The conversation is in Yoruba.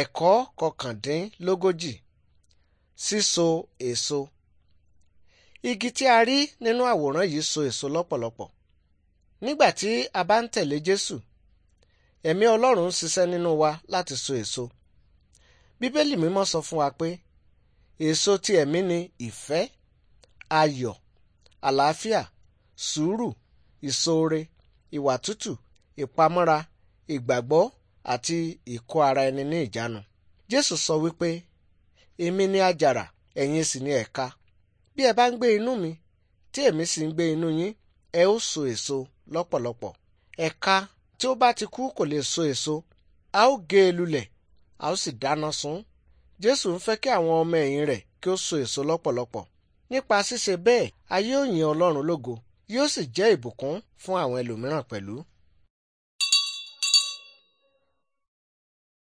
ẹ̀kọ́ kọkàndínlógójì síso èso igi tí a rí nínú àwòrán yìí so èso lọ́pọ̀lọpọ̀ nígbà tí a bá ń tẹ̀lé Jésù ẹ̀mí Ọlọ́run ń ṣiṣẹ́ nínú wa láti so èso bíbélì mímọ́ sọ fún wa pé èso ti ẹ̀mí ni ìfẹ́ ayọ̀ àlàáfíà sùúrù ìṣoore ìwà tútù ìpamọ́ra ìgbàgbọ́ àti ìkó ara ẹni ní ìjánu. Jésù sọ wípé, èmi ni àjàrà, ẹ̀yin sì ni ẹ̀ka. Bí ẹ bá ń gbé inú mi, tí èmi sì ń gbé inú yín, ẹ ó so èso lọ́pọ̀lọpọ̀. Ẹ̀ka tí ó bá ti kú kò lè so èso, a ó gé e lulẹ̀, a ó sì dáná sun. Jésù ń fẹ́ kí àwọn ọmọ ẹ̀yìn rẹ̀ kí ó so èso lọ́pọ̀lọpọ̀. Nípa ṣíṣe bẹ́ẹ̀, ayé ó Ọlọ́run lógo, yóò sì jẹ́ ìbùkún fún àwọn ẹlòmíràn pẹ̀lú.